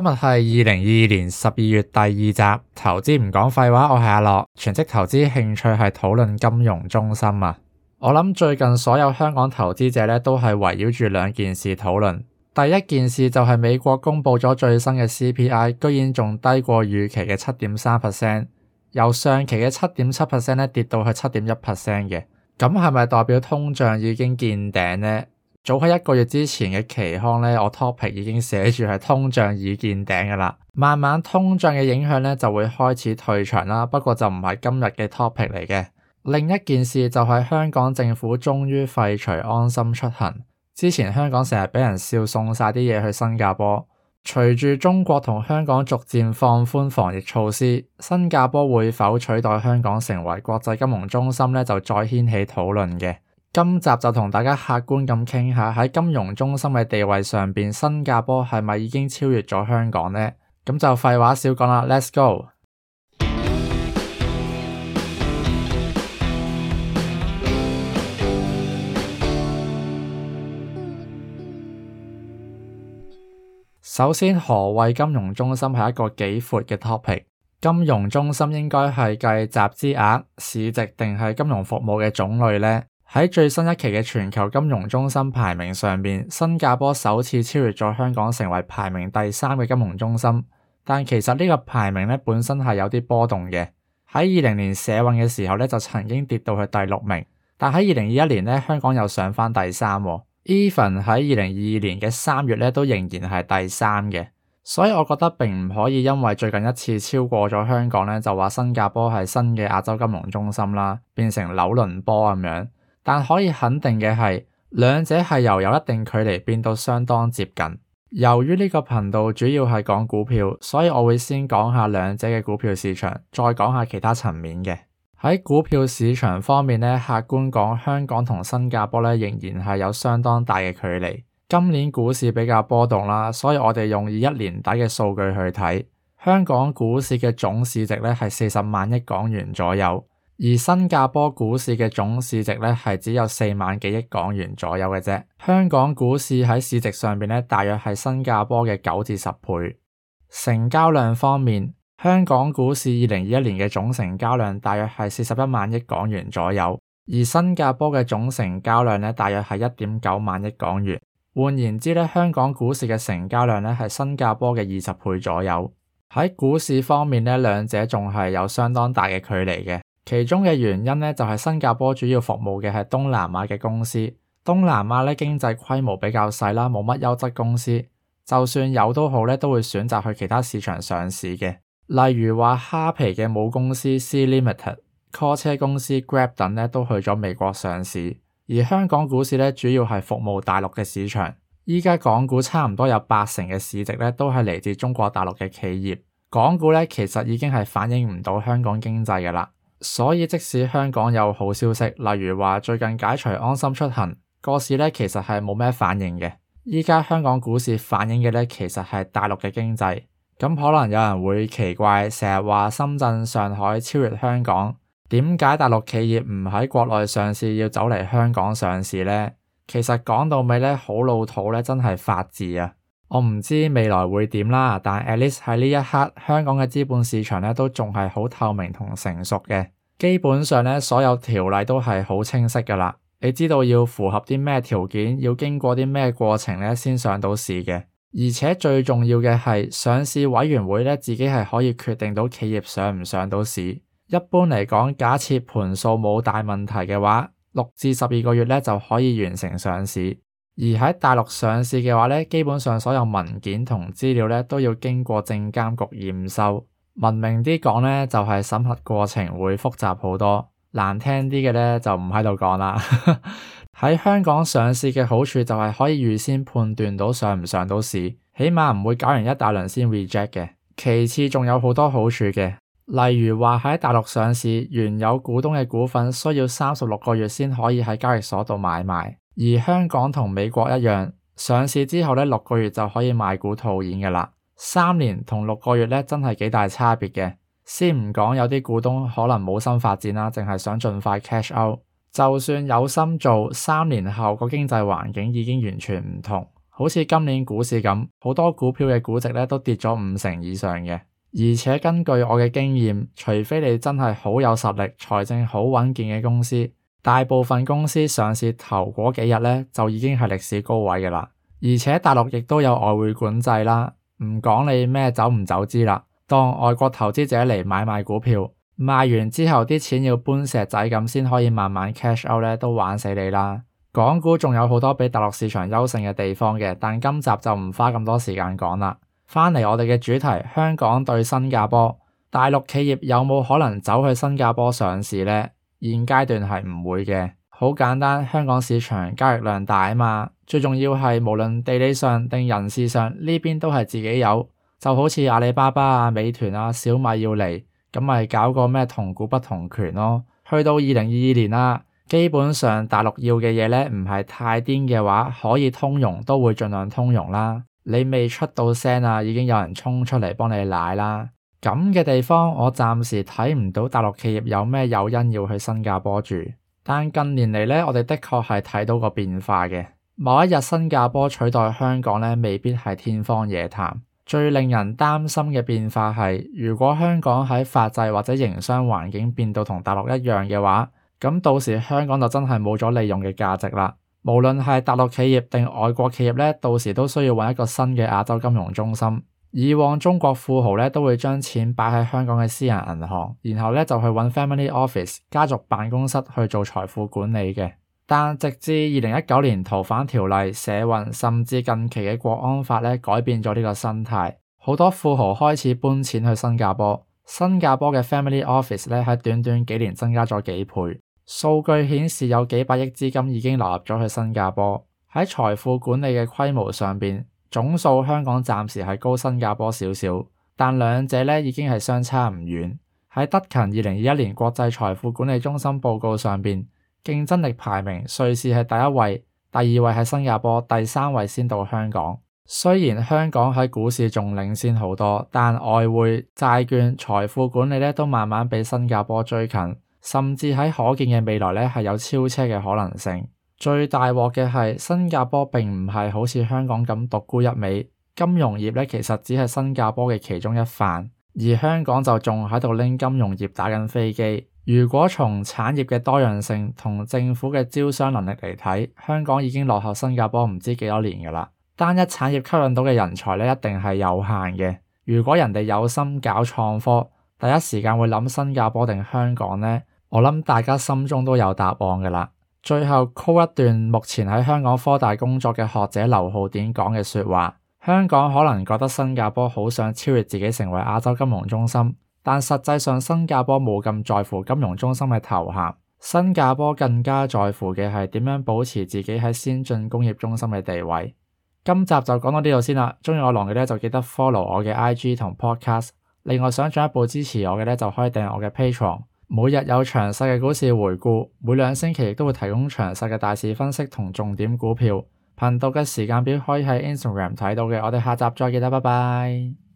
今日係二零二二年十二月第二集，投資唔講廢話，我係阿樂，全職投資興趣係討論金融中心啊。我諗最近所有香港投資者咧都係圍繞住兩件事討論。第一件事就係美國公布咗最新嘅 CPI，居然仲低過預期嘅七點三 percent，由上期嘅七點七 percent 咧跌到去七點一 percent 嘅。咁係咪代表通脹已經見頂呢？早喺一個月之前嘅期刊呢，我 topic 已經寫住係通脹已見頂嘅啦。慢慢通脹嘅影響呢就會開始退場啦。不過就唔係今日嘅 topic 嚟嘅。另一件事就係香港政府終於廢除安心出行。之前香港成日畀人笑送晒啲嘢去新加坡。隨住中國同香港逐漸放寬防疫措施，新加坡會否取代香港成為國際金融中心呢？就再掀起討論嘅。今集就同大家客觀咁傾下喺金融中心嘅地位上面，新加坡係咪已經超越咗香港呢？咁就廢話少講啦，Let's go！首先，何謂金融中心係一個幾闊嘅 topic。金融中心應該係計集資額、市值定係金融服務嘅種類呢？喺最新一期嘅全球金融中心排名上面，新加坡首次超越咗香港，成為排名第三嘅金融中心。但其實呢個排名咧本身係有啲波動嘅。喺二零年社運嘅時候咧就曾經跌到去第六名，但喺二零二一年咧香港又上翻第三。even 喺二零二二年嘅三月咧都仍然係第三嘅，所以我覺得並唔可以因為最近一次超過咗香港咧就話新加坡係新嘅亞洲金融中心啦，變成紐倫坡咁樣。但可以肯定嘅係，兩者係由有一定距離變到相當接近。由於呢個頻道主要係講股票，所以我會先講下兩者嘅股票市場，再講下其他層面嘅。喺股票市場方面咧，客觀講，香港同新加坡咧仍然係有相當大嘅距離。今年股市比較波動啦，所以我哋用二一年底嘅數據去睇，香港股市嘅總市值咧係四十萬億港元左右。而新加坡股市嘅總市值呢，係只有四萬幾億港元左右嘅啫。香港股市喺市值上面呢，大約係新加坡嘅九至十倍。成交量方面，香港股市二零二一年嘅總成交量大約係四十一萬億港元左右，而新加坡嘅總成交量呢，大約係一點九萬億港元。換言之呢，香港股市嘅成交量呢，係新加坡嘅二十倍左右。喺股市方面呢，兩者仲係有相當大嘅距離嘅。其中嘅原因呢，就係新加坡主要服務嘅係東南亞嘅公司。東南亞咧經濟規模比較細啦，冇乜優質公司，就算有都好咧，都會選擇去其他市場上市嘅。例如話，蝦皮嘅母公司 Sea Limited、call 車公司 Grab 等咧，都去咗美國上市。而香港股市呢，主要係服務大陸嘅市場。依家港股差唔多有八成嘅市值咧，都係嚟自中國大陸嘅企業。港股呢，其實已經係反映唔到香港經濟㗎喇。所以即使香港有好消息，例如話最近解除安心出行，個市咧其實係冇咩反應嘅。依家香港股市反映嘅咧，其實係大陸嘅經濟。咁可能有人會奇怪，成日話深圳、上海超越香港，點解大陸企業唔喺國內上市，要走嚟香港上市咧？其實講到尾咧，好老土咧，真係法治啊！我唔知未來會點啦，但 at least 喺呢一刻，香港嘅資本市場呢都仲係好透明同成熟嘅。基本上呢所有條例都係好清晰㗎喇。你知道要符合啲咩條件，要經過啲咩過程呢先上到市嘅。而且最重要嘅係，上市委員會呢，自己係可以決定到企業上唔上到市。一般嚟講，假設盤數冇大問題嘅話，六至十二個月呢就可以完成上市。而喺大陸上市嘅話咧，基本上所有文件同資料咧都要經過證監局驗收。文明啲講咧，就係審核過程會複雜好多。難聽啲嘅咧就唔喺度講啦。喺 香港上市嘅好處就係可以預先判斷到上唔上到市，起碼唔會搞完一大輪先 reject 嘅。其次仲有好多好處嘅，例如話喺大陸上市，原有股東嘅股份需要三十六個月先可以喺交易所度買賣。而香港同美國一樣，上市之後呢六個月就可以賣股套現嘅啦。三年同六個月呢，真係幾大差別嘅。先唔講有啲股東可能冇心發展啦，淨係想盡快 cash out。就算有心做，三年後個經濟環境已經完全唔同，好似今年股市咁，好多股票嘅估值呢都跌咗五成以上嘅。而且根據我嘅經驗，除非你真係好有實力、財政好穩健嘅公司。大部分公司上市頭嗰幾日咧就已經係歷史高位嘅啦，而且大陸亦都有外匯管制啦，唔講你咩走唔走資啦，當外國投資者嚟買賣股票，賣完之後啲錢要搬石仔咁先可以慢慢 cash out 咧，都玩死你啦！港股仲有好多比大陸市場優勝嘅地方嘅，但今集就唔花咁多時間講啦。返嚟我哋嘅主題，香港對新加坡，大陸企業有冇可能走去新加坡上市呢？現階段係唔會嘅，好簡單，香港市場交易量大啊嘛，最重要係無論地理上定人事上呢邊都係自己有，就好似阿里巴巴啊、美團啊、小米要嚟，咁咪搞個咩同股不同權咯。去到二零二二年啦，基本上大陸要嘅嘢咧，唔係太癲嘅話，可以通融都會盡量通融啦。你未出到聲啊，已經有人衝出嚟幫你奶啦。咁嘅地方，我暫時睇唔到大陸企業有咩誘因要去新加坡住。但近年嚟呢，我哋的確係睇到個變化嘅。某一日新加坡取代香港呢，未必係天方夜譚。最令人擔心嘅變化係，如果香港喺法制或者營商環境變到同大陸一樣嘅話，咁到時香港就真係冇咗利用嘅價值啦。無論係大陸企業定外國企業呢，到時都需要搵一個新嘅亞洲金融中心。以往中國富豪都會將錢擺喺香港嘅私人銀行，然後就去揾 family office 家族辦公室去做財富管理嘅。但直至二零一九年逃犯條例、社運，甚至近期嘅國安法改變咗呢個生態，好多富豪開始搬錢去新加坡。新加坡嘅 family office 咧喺短短幾年增加咗幾倍。數據顯示有幾百億資金已經流入咗去新加坡。喺財富管理嘅規模上面，總數香港暫時係高新加坡少少，但兩者呢已經係相差唔遠。喺德勤二零二一年國際財富管理中心報告上邊，競爭力排名瑞士係第一位，第二位係新加坡，第三位先到香港。雖然香港喺股市仲領先好多，但外匯、債券、財富管理呢都慢慢俾新加坡追近，甚至喺可見嘅未來呢係有超車嘅可能性。最大鑊嘅係新加坡並唔係好似香港咁獨孤一味，金融業咧其實只係新加坡嘅其中一環，而香港就仲喺度拎金融業打緊飛機。如果從產業嘅多樣性同政府嘅招商能力嚟睇，香港已經落後新加坡唔知幾多年噶啦。單一產業吸引到嘅人才咧一定係有限嘅。如果人哋有心搞創科，第一時間會諗新加坡定香港咧，我諗大家心中都有答案噶啦。最後 call 一段目前喺香港科大工作嘅學者劉浩典講嘅說話。香港可能覺得新加坡好想超越自己成為亞洲金融中心，但實際上新加坡冇咁在乎金融中心嘅頭銜，新加坡更加在乎嘅係點樣保持自己喺先進工業中心嘅地位。今集就講到呢度先啦。中意我龍嘅咧就記得 follow 我嘅 IG 同 podcast。另外想進一步支持我嘅咧就可以訂閱我嘅 Patreon。每日有詳細嘅股市回顧，每兩星期都會提供詳細嘅大市分析同重點股票。頻道嘅時間表可以喺 Instagram 睇到嘅，我哋下集再見啦，拜拜。